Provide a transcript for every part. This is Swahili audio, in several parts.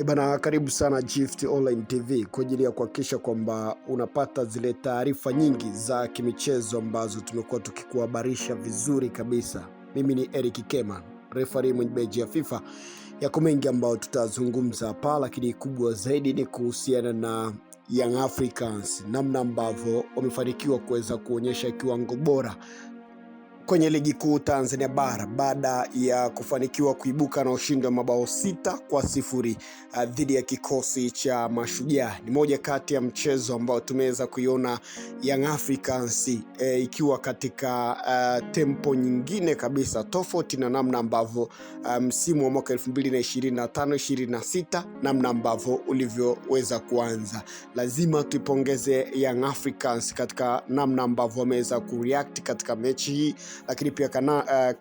Ebana, eh, karibu sana Gift Online TV kwa ajili ya kuhakikisha kwamba unapata zile taarifa nyingi za kimichezo ambazo tumekuwa tukikuhabarisha vizuri kabisa. Mimi ni Eric Kema, referee mwenye beji ya FIFA. Yako mengi ambayo tutazungumza hapa, lakini kubwa zaidi ni kuhusiana na Young Africans, namna ambavyo wamefanikiwa kuweza kuonyesha kiwango bora kwenye ligi kuu Tanzania bara baada ya kufanikiwa kuibuka na ushindi wa mabao sita kwa sifuri uh, dhidi ya kikosi cha Mashujaa. Ni moja kati ya mchezo ambao tumeweza kuiona Young Africans e, ikiwa katika uh, tempo nyingine kabisa tofauti na namna ambavyo uh, msimu um, wa mwaka 2025-26 namna ambavyo ulivyoweza kuanza. Lazima tuipongeze Young Africans katika namna ambavyo wameweza kureact katika mechi hii lakini pia kana,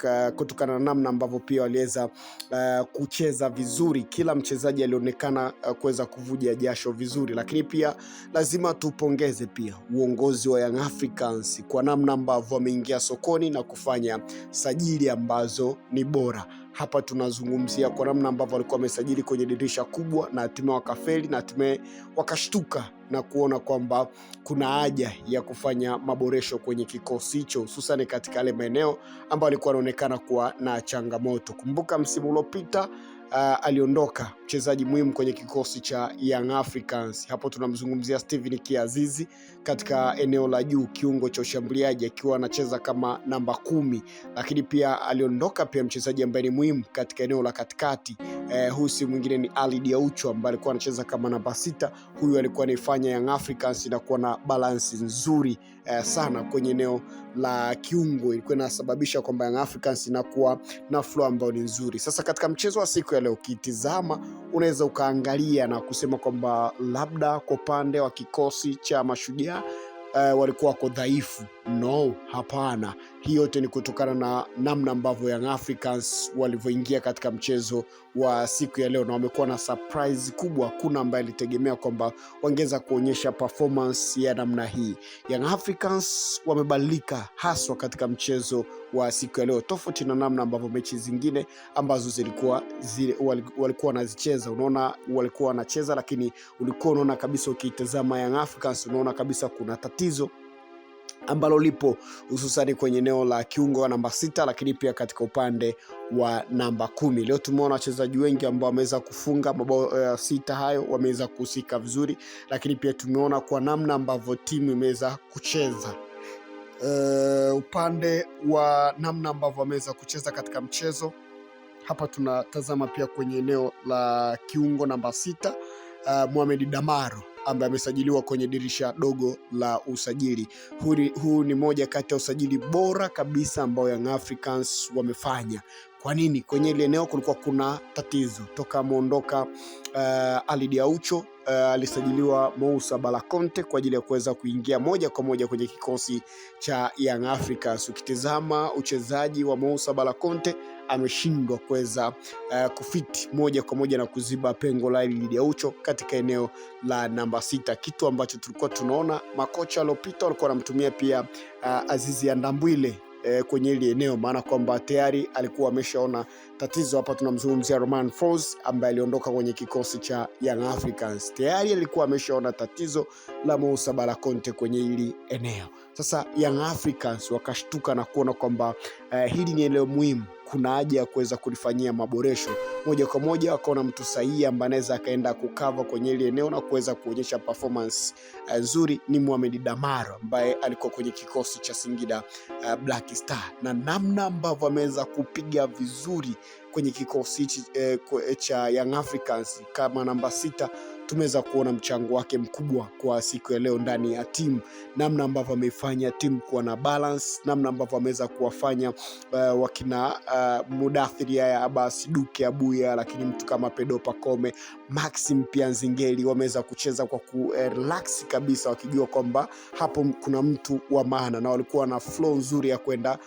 uh, kutokana na namna ambavyo pia waliweza uh, kucheza vizuri. Kila mchezaji alionekana uh, kuweza kuvuja jasho vizuri, lakini pia lazima tupongeze pia uongozi wa Young Africans kwa namna ambavyo wameingia sokoni na kufanya sajili ambazo ni bora. Hapa tunazungumzia kwa namna ambavyo walikuwa wamesajili kwenye dirisha kubwa na hatimaye wakafeli na hatimaye wakashtuka na kuona kwamba kuna haja ya kufanya maboresho kwenye kikosi hicho, hususan katika yale maeneo ambayo alikuwa anaonekana kuwa na changamoto. Kumbuka msimu uliopita uh, aliondoka mchezaji muhimu kwenye kikosi cha Young Africans. Hapo tunamzungumzia Steven Kiazizi katika eneo la juu, kiungo cha ushambuliaji akiwa anacheza kama namba kumi, lakini pia aliondoka pia mchezaji ambaye ni muhimu katika eneo la katikati eh, huyu si mwingine ni Ali Diaucho ambaye alikuwa anacheza kama namba sita. Huyu alikuwa anaifanya Young Africans na kuwa na balansi nzuri eh, sana kwenye eneo la kiungo ilikuwa inasababisha kwamba Young Africans inakuwa na flow ambayo ni nzuri. Sasa katika mchezo wa siku ya leo ukitizama, unaweza ukaangalia na kusema kwamba labda kwa upande wa kikosi cha Mashujaa uh, walikuwa wako dhaifu No, hapana. hii yote ni kutokana na namna ambavyo Young Africans walivyoingia katika mchezo wa siku ya leo, na wamekuwa na surprise kubwa. Hakuna ambaye alitegemea kwamba wangeweza kuonyesha performance ya namna hii. Young Africans wamebadilika haswa katika mchezo wa siku ya leo, tofauti na namna ambavyo mechi zingine ambazo zilikuwa zile, walikuwa wanazicheza. Unaona, walikuwa wanacheza, lakini ulikuwa unaona kabisa, ukitazama Young Africans unaona kabisa kuna tatizo ambalo lipo hususani kwenye eneo la kiungo wa namba sita, lakini pia katika upande wa namba kumi. Leo tumeona wachezaji wengi ambao wameweza kufunga mabao uh, sita hayo, wameweza kuhusika vizuri, lakini pia tumeona kwa namna ambavyo timu imeweza kucheza uh, upande wa namna ambavyo wameweza kucheza katika mchezo hapa tunatazama pia kwenye eneo la kiungo namba sita, uh, Mohamed Damaro ambaye amesajiliwa kwenye dirisha dogo la usajili. Huu ni moja kati ya usajili bora kabisa ambao Young Africans wamefanya kwa nini? Kwenye ile eneo kulikuwa kuna tatizo toka ameondoka uh, eh, Alidi Aucho eh, alisajiliwa Mousa Balakonte kwa ajili ya kuweza kuingia moja kwa moja kwenye kikosi cha Young Africans. Ukitizama uchezaji wa Mousa Balakonte ameshindwa kuweza uh, eh, kufiti moja kwa moja na kuziba pengo la Elid Aucho katika eneo la namba sita, kitu ambacho tulikuwa tunaona makocha waliopita walikuwa wanamtumia pia uh, Azizi ya Ndambwile eh, kwenye ile eneo, maana kwamba tayari alikuwa ameshaona tatizo. Hapa tunamzungumzia Romain Folz ambaye aliondoka kwenye kikosi cha Young Africans, tayari alikuwa ameshaona tatizo la Moussa Bala kwenye hili eneo. Sasa Young Africans wakashtuka na kuona kwamba uh, hili ni eneo muhimu, kuna haja ya kuweza kulifanyia maboresho. Moja kwa moja akaona mtu sahihi ambaye anaweza akaenda kukava kwenye ile eneo na kuweza kuonyesha performance eh, nzuri ni Mohamed Damaro ambaye alikuwa kwenye kikosi cha Singida uh, Black Star na namna ambavyo ameweza kupiga vizuri kwenye kikosi hichi eh, eh, cha Young Africans kama namba sita tumeweza kuona mchango wake mkubwa kwa siku ya leo ndani ya timu, namna ambavyo ameifanya timu kuwa na balance, namna ambavyo ameweza kuwafanya uh, wakina uh, eh, Mudathiri ya Abbas Duke Abuya, lakini mtu kama Pedro Pacome, Maxim pia Nzingeli wameweza kucheza kwa ku relax kabisa, wakijua kwamba hapo kuna mtu wa maana na walikuwa na flow nzuri ya kwenda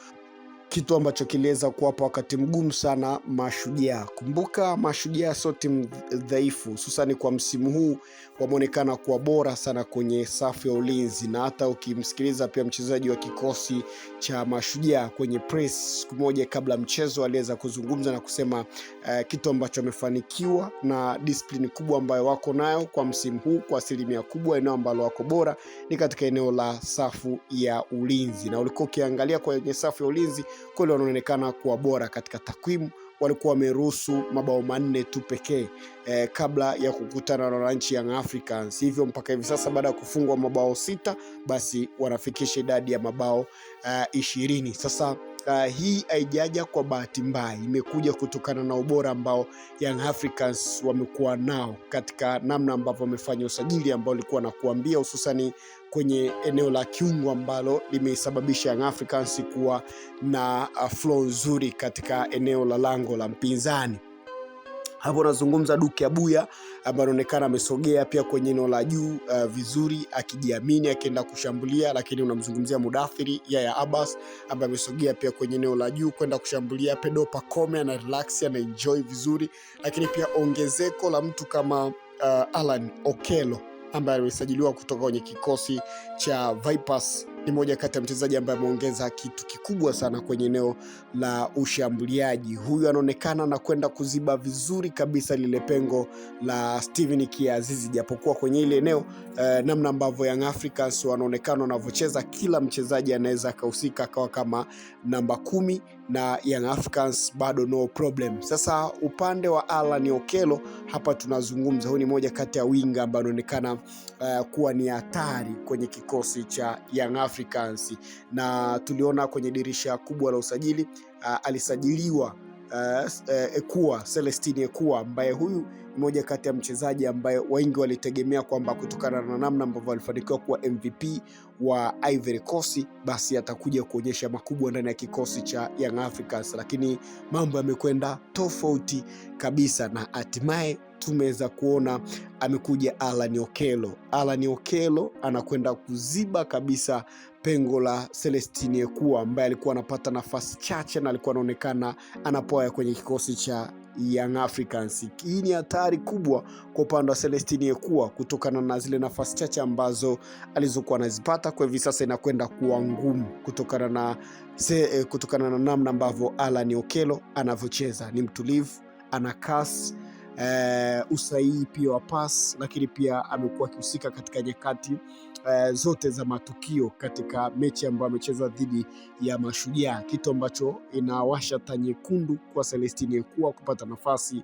kitu ambacho kiliweza kuwapa wakati mgumu sana Mashujaa. Kumbuka Mashujaa sio timu dhaifu, hususani kwa msimu huu wameonekana kuwa bora sana kwenye safu ya ulinzi, na hata ukimsikiliza pia mchezaji wa kikosi cha Mashujaa kwenye press siku moja kabla mchezo aliweza kuzungumza na kusema uh, kitu ambacho amefanikiwa na discipline kubwa ambayo wako nayo kwa msimu huu, kwa asilimia kubwa eneo ambalo wako bora ni katika eneo la safu ya ulinzi, na ulikuwa ukiangalia kwenye safu ya ulinzi kweli wanaonekana kuwa bora katika takwimu. Walikuwa wameruhusu mabao manne tu pekee eh, kabla ya kukutana na wananchi Young Africans. Hivyo mpaka hivi sasa baada ya kufungwa mabao sita, basi wanafikisha idadi ya mabao eh, ishirini sasa Uh, hii haijaja kwa bahati mbaya, imekuja kutokana na ubora ambao Young Africans wamekuwa nao katika namna ambavyo wamefanya usajili ambao ulikuwa na kuambia, hususani kwenye eneo la kiungo ambalo limesababisha Young Africans kuwa na uh, flow nzuri katika eneo la lango la mpinzani. Hapo nazungumza Duke Abuya ambaye anaonekana amesogea pia kwenye eneo la juu uh, vizuri akijiamini akienda kushambulia, lakini unamzungumzia Mudathiri Yaya Abbas ambaye amesogea pia kwenye eneo la juu kwenda kushambulia. Pedro Pacome ana relax ana enjoy vizuri, lakini pia ongezeko la mtu kama uh, Alan Okelo ambaye amesajiliwa kutoka kwenye kikosi cha Vipers ni moja kati ya mchezaji ambaye ameongeza kitu kikubwa sana kwenye eneo la ushambuliaji. Huyu anaonekana na kwenda kuziba vizuri kabisa lile pengo la Steven Kiazizi, japokuwa kwenye ile eneo eh, namna ambavyo Young Africans wanaonekana wanavyocheza, kila mchezaji anaweza akahusika akawa kama namba kumi na Young Africans bado no problem. Sasa upande wa Alan Okelo hapa tunazungumza, huyu ni moja kati ya winga ambaye anaonekana eh, kuwa ni hatari kwenye kikosi cha Young Africans, na tuliona kwenye dirisha kubwa la usajili uh, alisajiliwa uh, uh, Ekua Celestine Ekua ambaye huyu moja kati ya mchezaji ambaye wengi walitegemea kwamba kutokana na namna ambavyo alifanikiwa kuwa MVP wa Ivory Coast, basi atakuja kuonyesha makubwa ndani ya kikosi cha Young Africans, lakini mambo yamekwenda tofauti kabisa na hatimaye tumeweza kuona amekuja Alan Okello. Alan Okello anakwenda kuziba kabisa pengo la Celestine Ekua ambaye alikuwa anapata nafasi chache na alikuwa anaonekana anapoaya kwenye kikosi cha Young Africans. Hii ni hatari kubwa kwa upande wa Celestine Yekua kutokana na zile nafasi chache ambazo alizokuwa anazipata, kwa hivi sasa inakwenda kuwa ngumu kutokana na se, eh, kutokana na namna ambavyo Alan okelo anavyocheza. Ni mtulivu, ana kasi eh, usahihi pia wa pass, lakini pia amekuwa akihusika katika nyakati uh, zote za matukio katika mechi ambayo amecheza dhidi ya Mashujaa, kitu ambacho inawasha taa nyekundu kwa Celestine Ekua kupata nafasi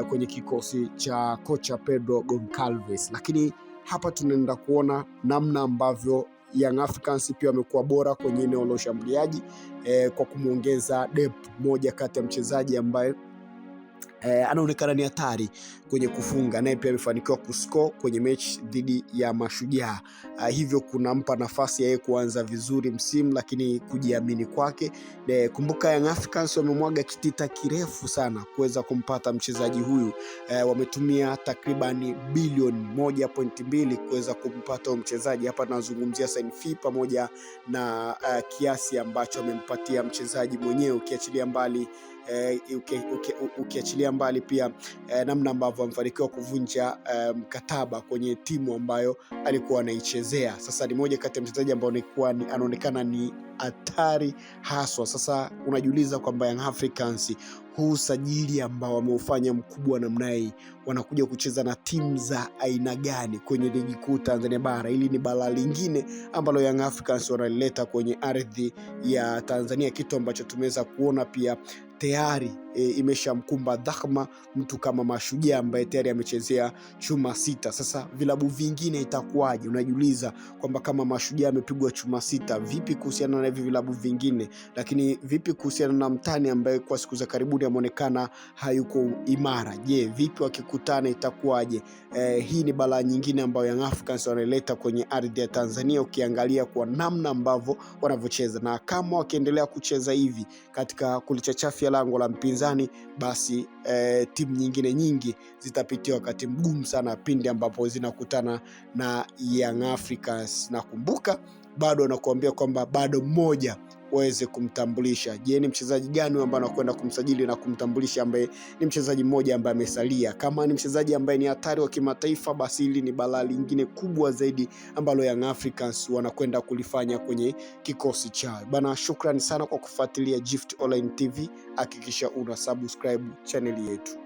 uh, kwenye kikosi cha kocha Pedro Goncalves. Lakini hapa tunaenda kuona namna ambavyo Young Africans pia wamekuwa bora kwenye eneo la ushambuliaji eh, kwa kumwongeza depth moja kati ya mchezaji ambaye eh, anaonekana ni hatari kwenye kufunga, naye pia amefanikiwa kuscore kwenye mechi dhidi ya Mashujaa. Uh, hivyo kunampa nafasi yeye kuanza vizuri msimu, lakini kujiamini kwake. Eh, kumbuka Young Africans wamemwaga kitita kirefu sana kuweza kumpata mchezaji huyu eh, wametumia takriban bilioni moja pointi mbili kuweza kumpata mchezaji hapa. Nazungumzia sign fee pamoja na uh, kiasi ambacho amempatia mchezaji mwenyewe, ukiachilia mbali eh, ukiachilia ukiachilia mbali pia eh, namna ambavyo amefanikiwa kuvunja eh, mkataba kwenye timu ambayo alikuwa anaichezea. Sasa ni moja kati ya mchezaji ambao anaonekana ni hatari haswa. Sasa unajiuliza kwamba Young Africans huu usajili ambao wameufanya mkubwa namna hii, wanakuja kucheza na timu za aina gani kwenye ligi kuu Tanzania bara? Hili ni balaa lingine ambalo Young Africans wanalileta kwenye ardhi ya Tanzania, kitu ambacho tumeweza kuona pia tayari e, imeshamkumba dhahma mtu kama Mashujaa ambaye tayari amechezea chuma sita. Sasa vilabu vingine itakuwaje? Unajiuliza kwamba kama Mashujaa amepigwa chuma sita, vipi kuhusiana na hivi vilabu vingine? Lakini vipi kuhusiana na mtani ambaye kwa siku za karibuni Trump ameonekana hayuko imara. Je, vipi wakikutana itakuwaje? Eh, hii ni balaa nyingine ambayo Young Africans wanaileta kwenye ardhi ya Tanzania, ukiangalia kwa namna ambavyo wanavyocheza, na kama wakiendelea kucheza hivi katika kulichachafya lango la mpinzani, basi eh, timu nyingine nyingi zitapitia wakati mgumu sana pindi ambapo zinakutana na Young Africans. Nakumbuka bado wanakuambia kwamba bado mmoja waweze kumtambulisha. Je, ni mchezaji gani ambaye anakwenda kumsajili na kumtambulisha, ambaye ni mchezaji mmoja ambaye amesalia? Kama ni mchezaji ambaye ni hatari wa kimataifa, basi hili ni balaa lingine kubwa zaidi ambalo Young Africans wanakwenda kulifanya kwenye kikosi chao bana. Shukrani sana kwa kufuatilia Gift Online TV, hakikisha una subscribe chaneli yetu.